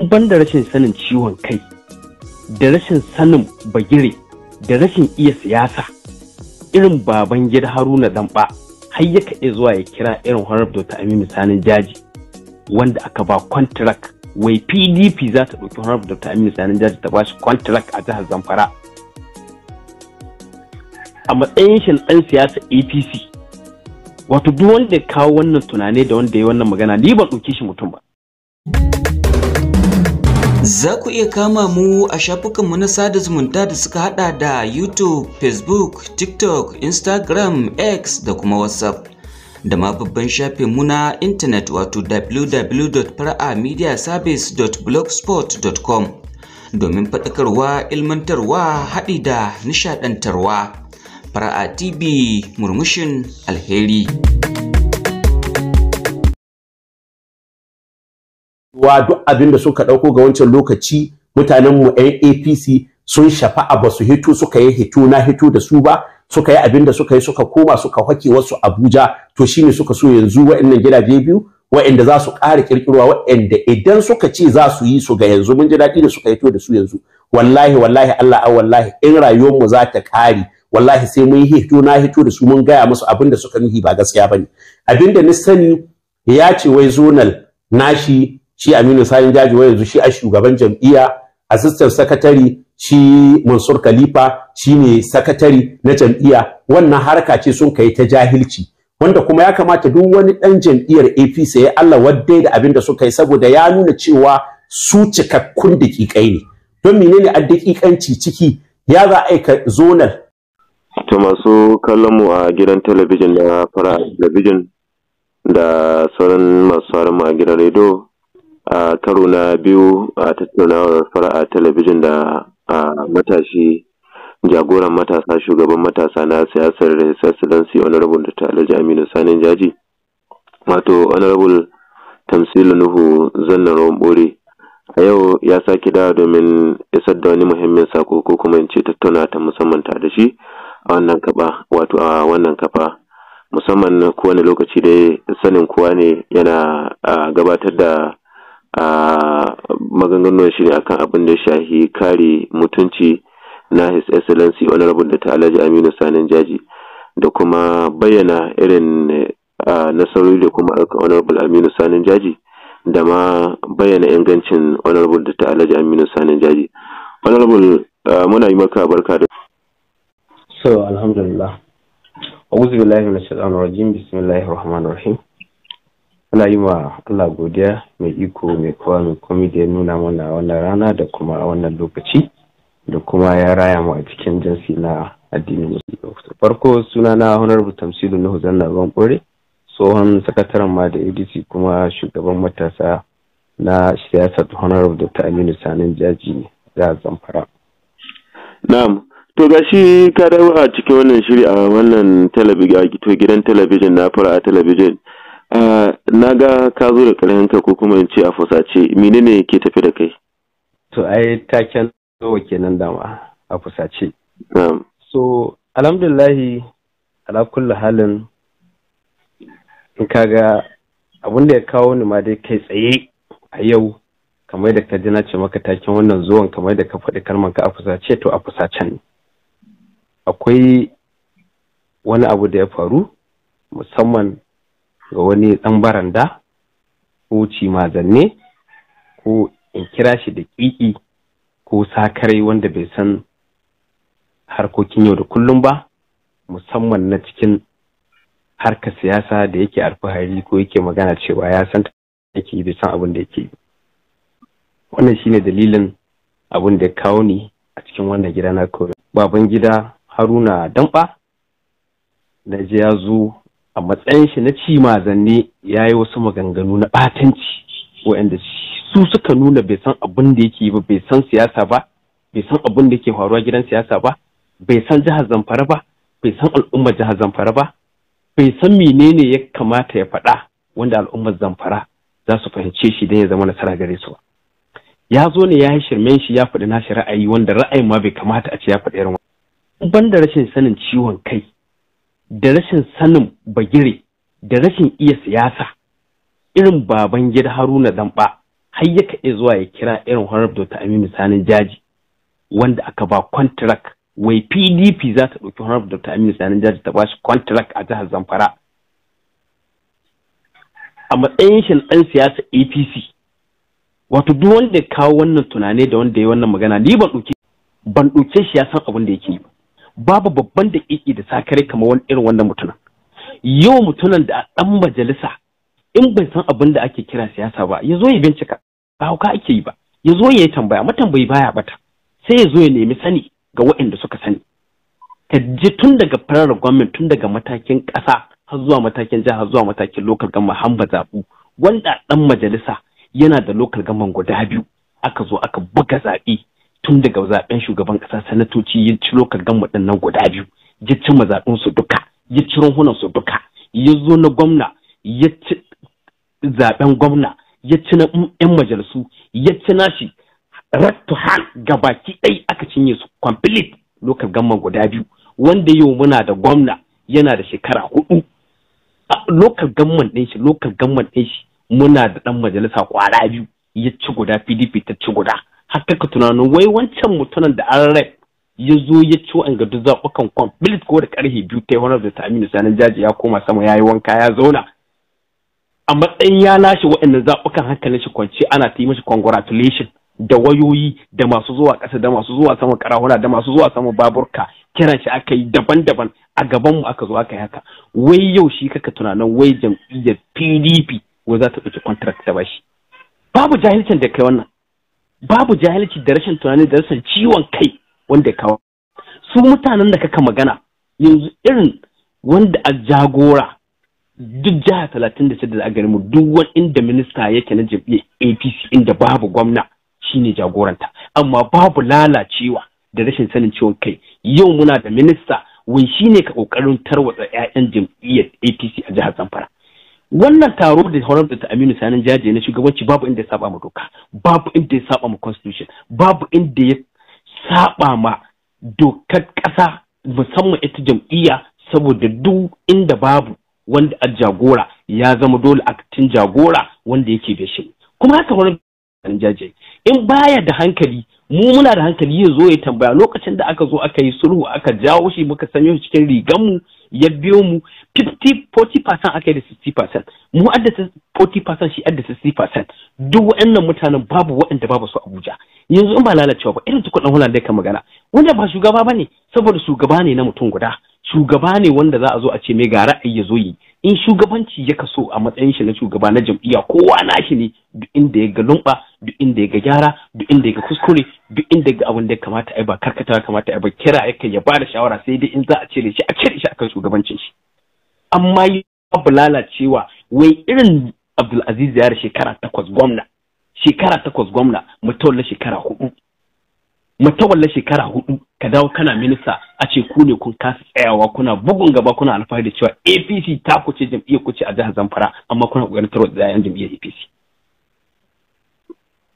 ban da rashin sanin ciwon kai da rashin sanin bagire da rashin iya siyasa irin baban gida haruna damba har yaka iya zuwa ya kira irin horar dota aminu sanin jaji wanda aka ba kwantarak wai pdp za ta ɗauki horar dota aminu sanin jaji ta ba shi kwantarak a jihar zamfara a matsayin shi ɗan siyasa apc wato duk wanda ya kawo wannan tunane da wanda ya wannan magana ni ban ɗauki shi mutum ba Za ku iya kama mu a shafukanmu na sada zumunta da suka hada da YouTube, Facebook, TikTok, Instagram, X da kuma WhatsApp. Da ma babban shafin mu na intanet wato www.faramediaservice.blogspot.com domin faɗakarwa, ilmantarwa, haɗi da nishaɗantarwa. Fara'a TV murmushin alheri. wa duk abin da suka ɗauko ga wancan lokaci mutanen mu yan APC sun shafa a basu hito suka yi hito na hito da su ba suka yi abin da suka yi suka koma suka hake wasu Abuja to shine suka so yanzu waɗannan gidaje biyu waɗanda za su ƙara kirkirwa waɗanda idan suka ce za su yi su ga yanzu mun ji daɗi da suka hito da su yanzu wallahi wallahi Allah a wallahi in rayuwar mu za ta ƙare wallahi sai mun hito na hito da su mun gaya musu abin da suka nuhi ba gaskiya bane abin da ni sani ya ce wai zonal nashi shi Aminu Sani Jajiwa yanzu shi a shugaban jam'iyya assistant secretary shi Mansur Khalifa shi ne secretary na jam'iyya wannan harka ce sun kai ta jahilci wanda kuma ya kamata duk wani dan jam'iyyar AP ya Allah wadde da abin da suka yi saboda ya nuna cewa su cikakkun dakikai ne don menene a dakikanci ciki ya za a aika zonal to masu kallon mu a gidan talabijin da fara talabijin da sauran masu sauran a gidan rediyo a karo na biyu a tattaunawar fara'a talabijin da a matashi jagoran matasa shugaban matasa na siyasar wani excellency honorable dr alhaji aminu sanin jaji wato honorable tamsilu nuhu zannaron bore a yau ya sake dawa domin isar da wani muhimmin sako ko kuma in ce tattauna ta musamman ta da shi a wannan kafa wato a wannan kafa musamman kowane lokaci da sanin kowa ne yana gabatar da a maganganuwan shi ne akan abin da shahi kare mutunci na his excellency honorable da ta alhaji aminu sanin jaji da kuma bayyana irin nasarori da kuma honorable aminu sanin jaji da ma bayyana ingancin honorable da ta alhaji aminu sanin jaji honorable muna yi maka barka da so alhamdulillah أعوذ بالله من na الرجيم بسم الله الرحمن rahim. muna yi wa Allah godiya mai iko mai kowa mai komi da ya nuna mana a wannan rana da kuma a wannan lokaci da kuma ya raya mu a cikin jinsi na addinin musulunci farko suna na honorable tamsilu nuhu zanna ruwan kore tsohon sakataren ma da adc kuma shugaban matasa na siyasar da ta aminu sanin jaji da zamfara na'am to shi ka dawo a cikin wannan shiri a wannan gidan talabijin na fara a talabijin na ga ka zo da ƙarfinka ko kuma in ce a fusace menene ke tafi da kai to ai taken zuwa kenan dama a fusace so alhamdulillahi ala kulli halin in ka ga abin da ya kawo ni ma dai kai tsaye a yau kamar da ka dina na ce maka taken wannan zuwan kamar da ka faɗi kalmar ka a fusace to a fusacen akwai wani abu da ya faru musamman ga wani ɗan baranda ko cimazanne ko in kira shi da ƙiƙi ko sakarai wanda bai san harkokin yau da kullum ba musamman na cikin harkar siyasa da yake alfahari ko yake magana cewa ya san yake yi san abin da yake yi wannan shine dalilin abin da ya kawo ni a cikin wannan gida na kore baban gida haruna damba na ji ya zo a matsayin shi na ma zanne ya yi wasu maganganu na batanci wa'anda su suka nuna bai san abin da yake ba bai san siyasa ba bai san abin da ke faruwa gidan siyasa ba bai san jihar zamfara ba bai san al'ummar jihar zamfara ba bai san menene ya kamata ya faɗa wanda al'ummar zamfara za su fahimce shi don ya zama nasara gare su ya zo ne ya yi shirmen shi ya faɗi nashi ra'ayi wanda ra'ayin ma bai kamata a ce ya faɗi irin ban da rashin sanin ciwon kai da rashin sanin bagire da rashin iya siyasa irin baban gida haruna damba har ya kaɗe zuwa ya kira irin horar da aminu sanin jaji wanda aka ba contract wai pdp za ta ɗauki horar da aminu sanin jaji ta ba shi contract a jihar zamfara a matsayin shi ɗan siyasa apc wato duk wanda ya kawo wannan tunani da wanda ya yi wannan magana ni ban ɗauke shi ya san abin da yake yi ba babu babban da ƙiƙi da sakare kamar wani irin wannan mutumin yau mutumin da a ɗan majalisa in bai san abin da ake kira siyasa ba ya zo ya bincika ba hauka ake yi ba ya zo ya yi tambaya matambayi baya bata sai ya zo ya nemi sani ga waɗanda suka sani ka ji tun daga farar gwamnati tun daga matakin ƙasa har zuwa matakin jiha zuwa matakin lokal gama hamba zaɓu wanda ɗan majalisa yana da lokal gama guda biyu aka zo aka buga zaɓe tun daga zaben shugaban kasa sanatoci ya ciro kagan waɗannan guda biyu ya ci mazaɓin su duka ya ci runhunan su duka ya zo na gwamna ya ci zaben gwamna ya ci na yan majalisu ya ci nashi rattu har baki ɗai aka cinye su complete lokal gamman guda biyu wanda yau muna da gwamna yana da shekara hudu lokal gamman ɗin shi lokal gamman ɗin shi muna da ɗan majalisa kwara biyu ya ci guda pdp ta ci guda haka ka tunanin wai wancan mutumin da an rai ya zo ya ci wa'anga duk zaɓukan bilit ko da ƙarfe biyu ta yi wani da ta aminu sanin jaji ya koma sama ya yi wanka ya zauna a matsayin ya lashe wa'annan zaɓukan hankalin shi kwance ana ta yi mashi congratulation da wayoyi da masu zuwa ƙasa da masu zuwa sama karahuna da masu zuwa sama baburka kiran shi aka yi daban-daban a gaban mu aka zo aka yi haka wai yau shi kaka tunanin wai jam'iyyar pdp wai za ta ɗauki contract ta bashi babu jahilcin da kai wannan babu jahilci da rashin tunani da rashin ciwon kai wanda ya kawo su mutanen da kaka magana yanzu irin wanda a jagora duk jiha talatin da shida da a mu duk wani inda minista yake na jam'iyyar apc inda babu gwamna shine jagoranta amma babu lalacewa da rashin sanin ciwon kai yau muna da minista wai shine ka kokarin tarwatsa 'ya'yan jam'iyyar apc a jihar zamfara wannan taro da honorable ta aminu sanin jaje na shugabanci babu inda ya saba ma doka babu inda ya saba ma constitution babu inda ya saba ma dokar kasa musamman ita jam'iyya saboda duk inda babu wanda a jagora ya zama dole a jagora wanda yake da shi kuma haka sanin jaje in baya da hankali mu muna da hankali ya zo ya tambaya lokacin da aka zo aka yi sulhu aka jawo shi muka sanyo shi cikin mu ya biyo mu 50 40% aka yi da 60% mu adda 40% shi adda 60% duk waɗannan mutanen babu waɗanda babu su Abuja yanzu in ba lalacewa ba irin tukun Holland da ka magana wanda ba shugaba ba ne? saboda shugaba ne na mutum guda shugaba ne wanda za a zo a ce mai ga ra'ayi ya zo yi in shugabanci ya kaso a matsayin shi na shugaba na jam'iyya kowa na shi ne duk inda ya ga lumba duk inda ya ga gyara duk inda ya ga kuskure duk inda ya ga abin da ya kamata ai ba karkatawa kamata ai ba kira yake ya ba da shawara sai dai in za a cire shi a cire shi akan shugabancin shi amma ya abu lalacewa wai irin Abdulaziz ya shekara takwas gwamna shekara takwas gwamna mutum na shekara hudu mutawalla shekara hudu ka dawo kana minista a ce ku ne kun kasa tsayawa kuna bugun gaba kuna alfahari da cewa APC ta kuce jam'iyyar kuce a jihar Zamfara amma kuna kokarin da yayan jam'iyyar APC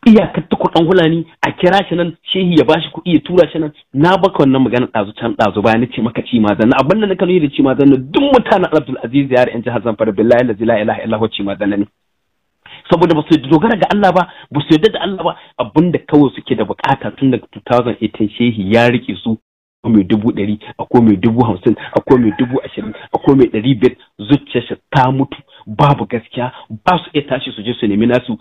iyakar ta kuɗin hulani a kira shi nan shehi ya bashi kuɗi ya tura shi nan na baka wannan magana ɗazu can ɗazu bayan na ce maka ci ma zanna abin da na kanu da ci ma zanna duk mutanen Abdul Aziz yar yan jihar Zamfara billahi la ilaha illa ci ma zanna ne saboda ba su dogara ga Allah ba ba su yarda da Allah ba abinda kawai suke da bukata tun daga 2018 shehi ya rike su ko mai dubu ɗari ko mai dubu hamsin akwai mai dubu ashirin akwai mai ɗari biyar shi ta mutu babu gaskiya ba su iya tashi su je su nemi nasu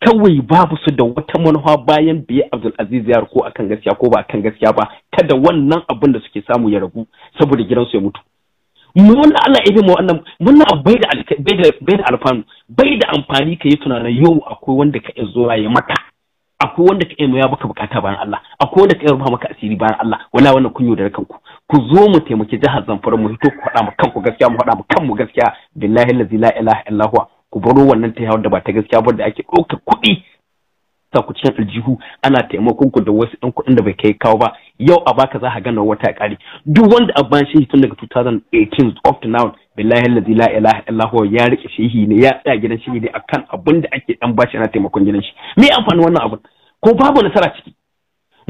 kawai babu su da wata manufa bayan biye abdul aziz ko akan gaskiya ko ba akan gaskiya ba kada wannan abin da suke samu ya ragu saboda gidansu ya mutu wannan Allah ya mu wannan wannan bai da bai da alfanu bai da amfani ka yi tunanin yau akwai wanda ka zuwa ya mata. akwai wanda ka iya ya baka bukata bayan Allah akwai wanda ka iya rufa maka asiri bayan Allah wala wannan kunyo da kanku ku zo mu taimaki jihar Zamfara mu hito ku hada mu kanku gaskiya mu hada mu kanmu gaskiya billahi allazi la ilaha illa huwa ku baro wannan ta da ba ta gaskiya ba da ake dauka kuɗi sa ku cikin aljihu ana taimakon ku da wasu ɗan kuɗin da bai kai kawo ba yau a baka za ka gana wata ƙari duk wanda a bayan shi tun daga 2018 up to now billahi la ilaha illallah ya rike shehi ne ya tsaya gidan shehi ne akan abin da ake dan bashi ana taimakon gidan shi me amfani wannan abin ko babu nasara ciki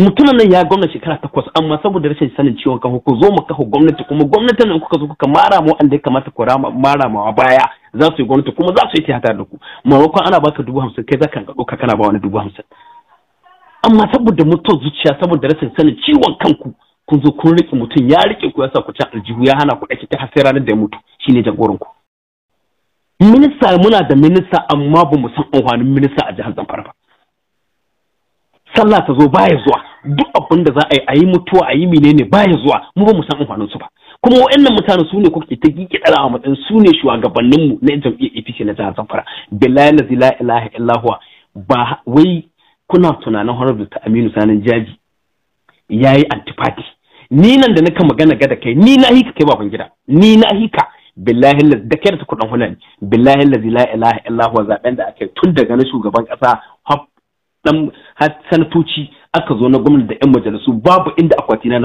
mutumin nan ya gwamna shekara takwas amma saboda rashin sanin ciwon kafa ku zo mu kafa gwamnati kuma gwamnatin nan kuka zo kuka mara mu wanda ya kamata ku mara mu baya za su yi gwamnati kuma za su yi tiyata da ku maimakon ana baka dubu hamsin kai za ka ɗauka kana ba wani dubu hamsin amma saboda mutuwar zuciya saboda rashin sanin ciwon kanku kun zo kun riƙe mutum ya riƙe ku ya sa ku ci aljihu ya hana ku ɗaki ta hasai ranar da ya mutu shine jagoran ku minista muna da minista amma ba mu san amfanin minista a jihar Zamfara ba sallah ta zo baya zuwa duk abin da za a yi a yi mutuwa a yi menene baya zuwa mu ba mu san amfanin su ba kuma waɗannan mutane su ne kuke ta gike dala a matsayin su ne shugabanninmu na jam'iyyar APC na jihar Zamfara billahi la ilaha illahu ba wai kuna tunanin Honorable ta Aminu Sanin Jaji yayi antifati ni nan da naka magana ga da kai ni na hika kai baban gida ni na hika billahi da kai da kuɗin hulani billahi la ilaha illahu zaben da aka tun daga na shugaban kasa dan sanatoci aka zo na gwamnati da yan majalisu babu inda akwati na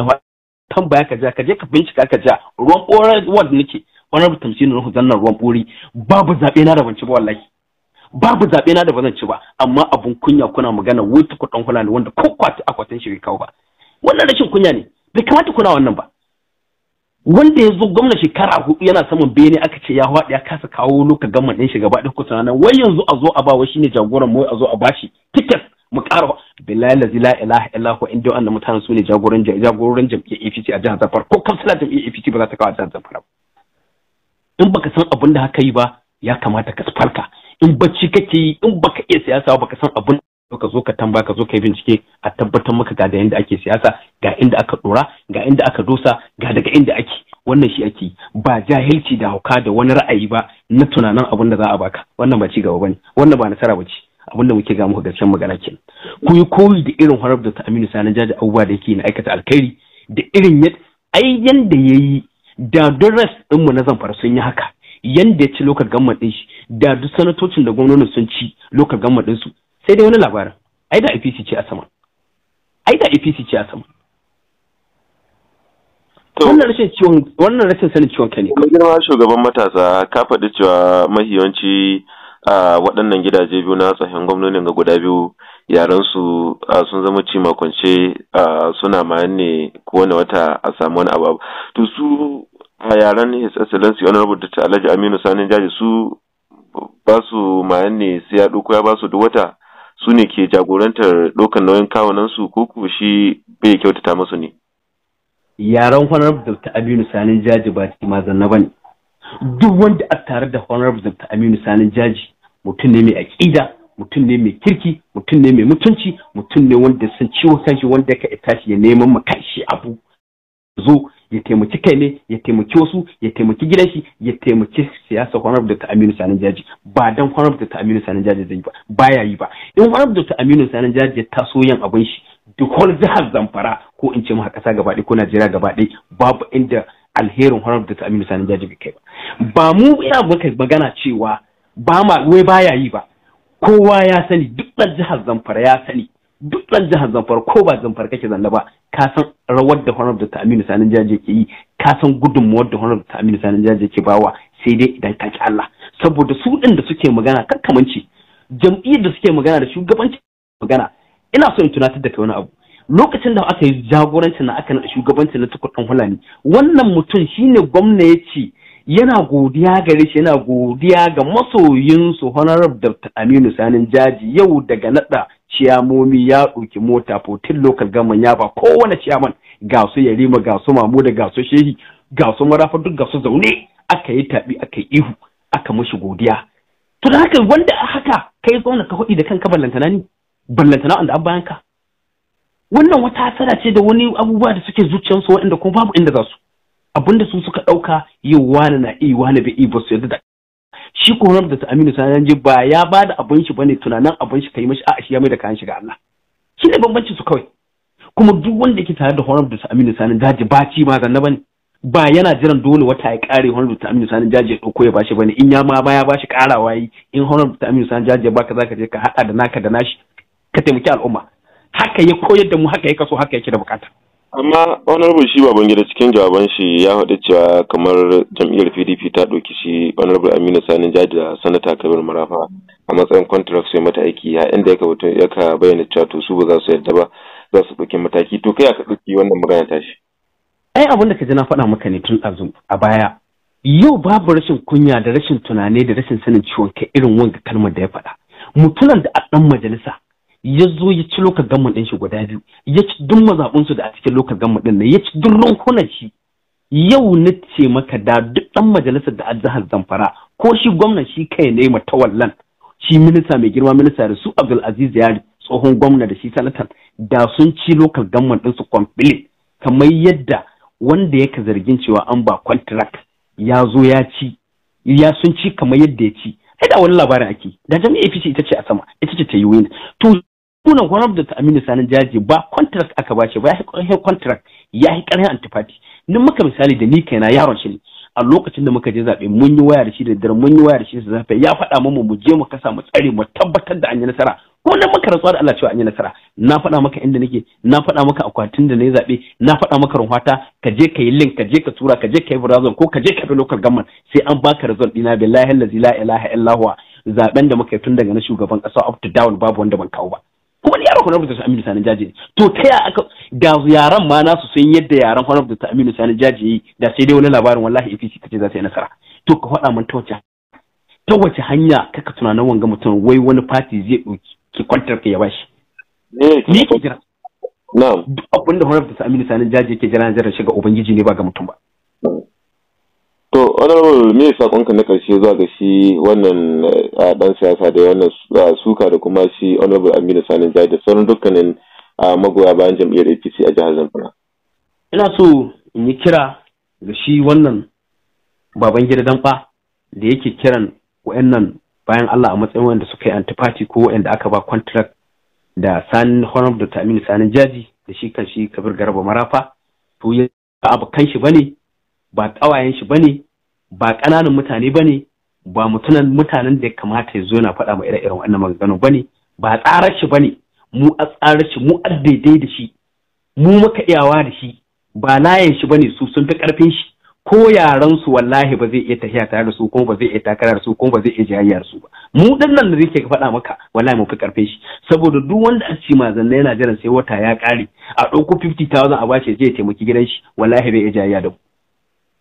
tambaya ka ja ka je ka bincika ka ja ruwan ɓorar wanda nake wani rubuta tamsinin ruhu zannan ruwan ɓori babu zaɓe na da ban ci ba wallahi babu zaɓe na da ba ba amma abun kunya kuna magana wuta kuɗin hula ne wanda ko akwatin shi kawo ba wannan rashin kunya ne bai kamata kuna wannan ba wanda ya zo gwamna shekara hudu yana saman bene aka ce ya haɗu ya kasa kawo loka gama ɗin shi gaba ɗin kusa nan wai yanzu a zo a ba wa shine jagoran mu a zo a bashi tiket mu ƙara billahi lazi zila ilaha illa ko inda wannan mutanen su ne jagoran jagoran jam'iyyar APC a jihar Zamfara ko kansila jam'iyyar APC ba za ta kawo a jihar Zamfara ba in baka san abin da haka yi ba ya kamata ka farka in bacci kake yi in baka iya siyasa baka san abin ka zo ka tamba ka zo ka yi bincike a tabbatar maka ga da yanda ake siyasa ga inda aka dora ga inda aka dosa ga daga inda ake wannan shi ake ba jahilci da hauka da wani ra'ayi ba na tunanin abin da za a baka wannan ba ci gaba bane wannan ba nasara ba ce Abin da muke ga muka magana ke ku yi koyi da irin harab da ta aminu sanan jaji abubuwa da yake na aikata alkhairi da irin ai yanda ya yi da don ras ɗinmu na zamfara sun yi haka yanda ya ci lokal gamma ɗin shi da duk sanatocin da gwamnonin sun ci lokal gamma ɗinsu sai dai wani labarin ai da apc ce a sama ai da apc ce a sama wannan rashin sanin ciwon kai ne kuma shugaban matasa ka faɗi cewa mahiyanci a waɗannan gidaje biyu na tsohon gwamnonin ga guda biyu yaran su sun zama ci makwance suna mayan ne kowane wata a samu wani abu to su a yaran su excellency honorable ta alhaji aminu sanin jaji su ba su mayan ne sai ya ɗauko ya ba su wata su ne ke jagorantar ɗaukar nauyin kawunan su ko ku shi bai kyautata musu ne yaran honorable dr aminu sanin jaji ba ci mazan na bane duk wanda a tare da honorable dr aminu sanin jaji mutum ne mai aƙida mutum ne mai kirki mutum ne mai mutunci mutum ne wanda san ciwo kanshi wanda ka tashi ya neman ma kanshi abu zo ya taimaki kai ne ya taimaki wasu ya taimaki gidan shi ya taimaki siyasa honorable dr aminu sanin jaji ba dan honorable dr aminu sanin jaji zai ba baya yi ba in honorable dr aminu sanin jaji ya taso yin abin shi duk wani jihar zamfara ko in ce maka kasa gaba ko najeriya gaba babu inda alherin honorable dr aminu sanin jaji bai kai ba ba mu ina magana cewa ba ma wai baya yi ba kowa ya sani duk ɗan jihar zamfara ya sani duk ɗan jihar zamfara ko ba zamfara kake zanna ba ka san rawar da honorable ta aminu sanin jaje ke yi ka san gudunmuwar da honorable ta aminu sanin jaje ke bawa sai dai idan ka ki allah saboda su ɗin da suke magana kakkamanci jam'iyyar da suke magana da shugabanci magana ina so in tunatar da kai wani abu lokacin da aka yi jagorancin na aka na shugabancin na tukur ɗan hulani wannan mutum shine gwamna ya ce yana godiya gare shi yana godiya ga masoyinsu honorable dr aminu sanin jaji yau daga nada ciyamomi ya ɗauki mota fotin local gaman ya ba kowane ciyaman ga su yarima ga su mamu da ga su shehi ga su marafa duk ga su zaune aka yi taɓi aka yi ihu aka mushi godiya to da haka wanda haka kai zauna ka hudi da kanka ballantana ni ballantana wanda an bayan wannan wata hasara ce da wani abubuwa da suke zuciyarsu waɗanda kuma babu inda za su Abin da su suka ɗauka yau wani na iya wani bai iya ba su yadda da shi ko da ta aminu sanan je ba ya ba da abin shi bane tunanin abin shi kai mashi a'a shi ya mai da kayan shi ga Allah shi ne bambancin su kawai kuma duk wanda yake tare da horar da aminu sanan daji ba ci ma zanna bane ba yana jiran dole wata ya kare horar da aminu sanan daji ya dauko ya bashi bane in ya ma ba ya bashi karawa yi in horar da aminu sanan daji ya baka zaka je ka hada da naka da nashi ka taimaki al'umma haka ya koyar da mu haka ya kaso haka yake da bukata amma honorable shi baban gida cikin jawaban shi ya faɗi cewa kamar jam'iyyar pdp ta ɗauki shi honorable aminu sani jaji da sanata kabir marafa a matsayin contract sai mata aiki ya inda ya ka bayyana cewa to su ba za su yarda ba za su ɗauki mataki to kai aka ɗauki wannan magana ta shi. ai abin da ka ji na faɗa maka ne tun azu a baya yau babu rashin kunya da rashin tunani da rashin sanin ciwon kai irin wanga kalmar da ya faɗa mutumin da a ɗan majalisa ya zo ya ci lokacin gamman ɗin shi guda biyu ya ci duk mazaɓinsu da a cikin lokacin gamman ɗin ya ci duk runkunan shi yau na ce maka da duk ɗan majalisar da jihar zamfara ko shi gwamnan shi kai ne tawallan shi minista mai girma minista da su Abdulaziz aziz yari tsohon gwamna da shi sanatan da sun ci lokal gamman ɗin su kwamfilin kamar yadda wanda yake zargin cewa an ba contract ya zo ya ci ya sun ci kamar yadda ya ci sai da wani labarin ake da jami'a ita ce a sama ita ce ta yi wani to sunan horar da aminu sanin jaji ba contract aka bashi ba ya contract ya yi ƙarfin antifati ni muka misali da ni kaina yaron shi ne a lokacin da muka je zaɓe mun yi waya da shi da dare mun yi waya da shi da zafi ya faɗa mu mu je mu kasa mu tsare mu tabbatar da an yi nasara ko nan muka rantsuwa da Allah cewa an yi nasara na faɗa maka inda nake na faɗa maka akwatin da na yi zaɓe na faɗa maka runhwata ka je ka yi link ka je ka tura ka je ka yi browser ko ka je ka bi local government sai an baka result ɗina billahi allazi la ilaha illa huwa zaben da muka yi tun daga na shugaban ƙasa up to down babu wanda ban kawo ba ko wani yaron kwanar da aminu sani jaji to ta ya aka ga yaran ma nasu sun yadda yaran kwanar da aminu sani jaji yi da sai dai wani labarin wallahi apc ce za ta yi nasara to ka faɗa min ta wace ta wace hanya kaka tunanin wanga mutum wai wani fati zai ɗauki kwantar ka ya bashi me ke jira Na. duk abin da honorable dr aminu sani jaji yake jira na jira shiga ubangiji ne ba ga mutum ba To, honorable me ka na karshe zuwa ga shi wannan dan siyasa da wannan suka da kuma shi honorable Aminu Sanin Jai da sauran dukkanin magoya bayan jam'iyyar APC a jihar Zamfara. Ina so in yi kira ga shi wannan baban gida danfa da yake kiran wayannan bayan Allah a matsayin wanda suka yi antifati ko wayanda aka ba contract da Sani honorable da Aminu Sanin Jaji da shi kan shi Kabir Garba Marafa to ya abu kan shi bane ba ƙawayen shi bane ba ƙananan mutane bane ba mutunan mutanen da ya kamata ya zo yana faɗa ma ire-iren wannan maganganu bane ba tsarar shi bane mu a tsarar shi mu daidai da shi mu muka iyawa da shi ba layin shi bane su sun fi ƙarfin shi ko yaran su wallahi ba zai iya tafiya tare da su kuma ba zai iya takara da su kuma ba zai iya jayayyar su ba mu din nan da zai ke faɗa maka wallahi mu fi karfin shi saboda duk wanda a ci mazanna yana jiran sai wata ya ƙare a ɗauko 50000 a bashi ya je ya taimaki gidan shi wallahi bai iya jayayya da mu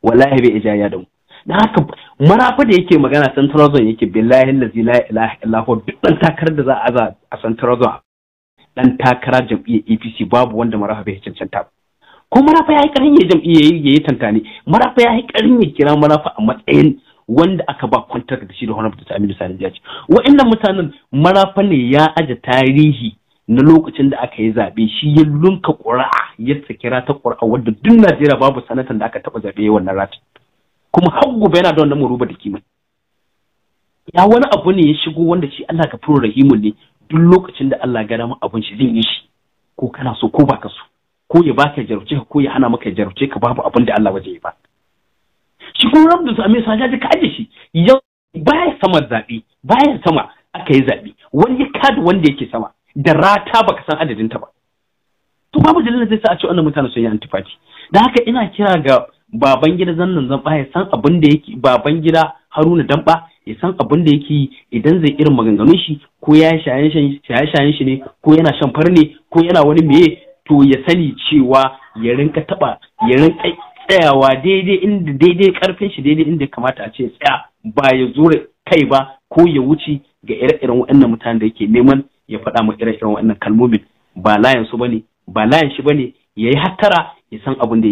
wallahi bai ija ya damu da haka marafa da yake magana central zone yake billahi lazi la ilaha illallah duk dan takarar da za a za a central zone dan takara jam'iyyar APC babu wanda marafa bai cancanta ko marafa ya yi karin ya jam'iyyar yayi tantane marafa ya yi karin ya kira marafa a matsayin wanda aka ba kwantar da shi da honorable da aminu sani jaji wa'annan mutanen marafa ne ya aje tarihi na lokacin da aka yi zaɓe shi ya lunka ƙuri'a ya kira ta ƙura'a wadda duk Najeriya babu sanatan da aka taɓa zaɓe wannan ratar. kuma har gobe yana da wannan muruba da kima ya wani abu ne ya shigo wanda shi Allah ka furo rahimu ne duk lokacin da Allah gara mu abun shi zai yi shi ko kana so ko baka so ko ya baka jarauce ka ko ya hana maka jarauce ka babu abin da Allah waje ya ba shi ko rabdu sa mai ka aje shi yau baya sama zaɓe baya sama aka yi zaɓe wani ya kada wanda yake sama da rata baka san adadin ta ba to babu dalilin zai sa a ce wannan mutane sun yi antifati da haka ina kira ga baban gida zannan zamba ya san abin da yake baban gida haruna damba ya san abin da yake yi idan zai irin maganganun shi ko ya shaye shayen shi ne ko yana shan farne ko yana wani meye to ya sani cewa ya rinka taba ya rinka tsayawa daidai inda daidai karfin shi daidai inda kamata a ce tsaya ba ya zura kai ba ko ya wuce ga ire-iren waɗannan mutanen da yake neman ya faɗa mu ire iren wannan kalmomin ba layan su bane ba layan shi bane ya yi hattara ya san abin da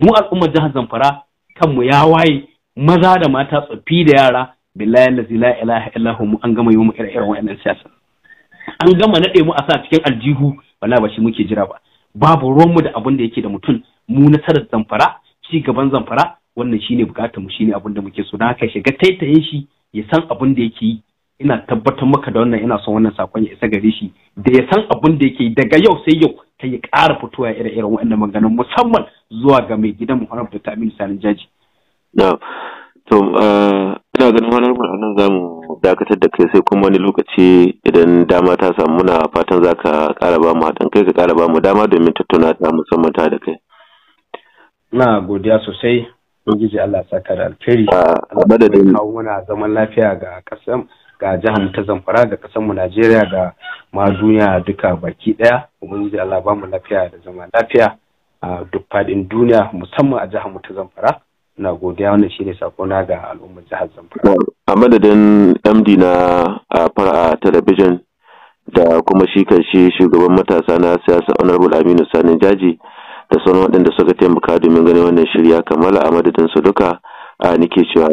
mu al'ummar jihar Zamfara kanmu ya waye maza da mata tsoffi da yara billahi allazi la ilaha illahu mu an gama yi mu ire iren wannan siyasa an gama naɗe mu a sa cikin aljihu wala ba shi muke jira ba babu ruwan mu da abin da yake da mutum mu nasarar zamfara ci gaban zamfara wannan shine bukatar mu shine abin da muke so don haka shiga taitayin shi ya san abin da yake yi ina tabbatar maka da wannan ina son wannan sakon ya isa gare shi da ya san abin da yake daga yau sai yau kai ya ƙara fitowa ire-iren waɗannan maganganun musamman zuwa ga mai gidan Muhammad da Aminu Sanin Jaji. Na, to, eh, ina ganin wani a nan za mu dakatar da kai sai kuma wani lokaci idan dama ta samu muna fatan za ka ƙara ba mu haɗin kai ka ƙara ba mu dama domin tattauna ta musamman ta da kai. Na godiya sosai, Ubangiji Allah saka da alkhairi. A madadin. Kawo muna zaman lafiya ga ƙasar ga jihar ta zamfara ga kasar mu najeriya ga ma duniya duka baki daya ubangiji allah ba mu lafiya da zama lafiya a duk fadin duniya musamman a jihar mu ta zamfara na godiya wannan shine sako na ga al'ummar jihar zamfara a madadin md na fara talabijin da kuma shi shi shugaban matasa na siyasa honorable aminu sani jaji da sauran waɗanda suka taimaka domin ganin wannan shirya kamala a madadin su duka a nike cewa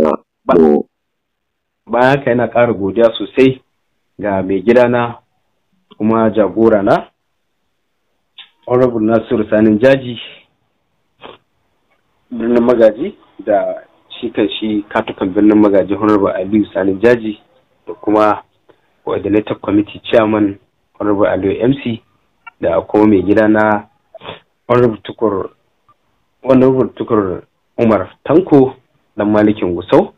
bayan haka yana ƙara godiya sosai ga mai gidana kuma jagora na honorable nasiru sanin jaji birnin magaji da shi kan shi katukan birnin magaji honorable aliyu sanin jaji da kuma coordinator committee chairman honorable aliyu mc da kuma mai gida na honorable tukur umar tanko dan malikin gusau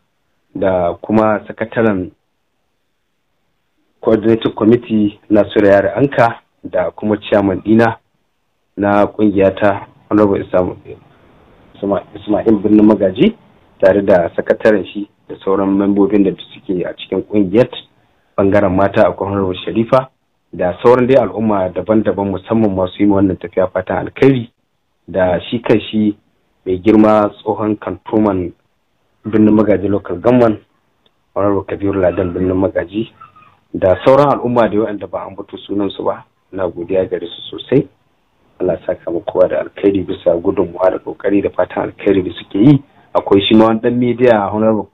da kuma sakataren coordinating committee nasiru yari anka da kuma chairman dina na ta honorable ismail birnin magaji tare da sakataren shi da sauran membobin da suke a cikin kungiyar bangaren mata a honorable sharifa da sauran dai al'umma daban-daban musamman masu yi wannan tafiya fatan alkhairi da shi kan shi mai girma tsohon kantoman birnin magaji local government honorable kabiru ladan birnin magaji da sauran al'umma da da ba an bato sunansu ba na godiya gare su sosai Allah sa kama kowa da alkhairi bisa gudunmuwa da kokari da fatan alkhairi da suke yi akwai shi ma wani dan media honorable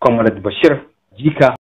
comrade bashir jika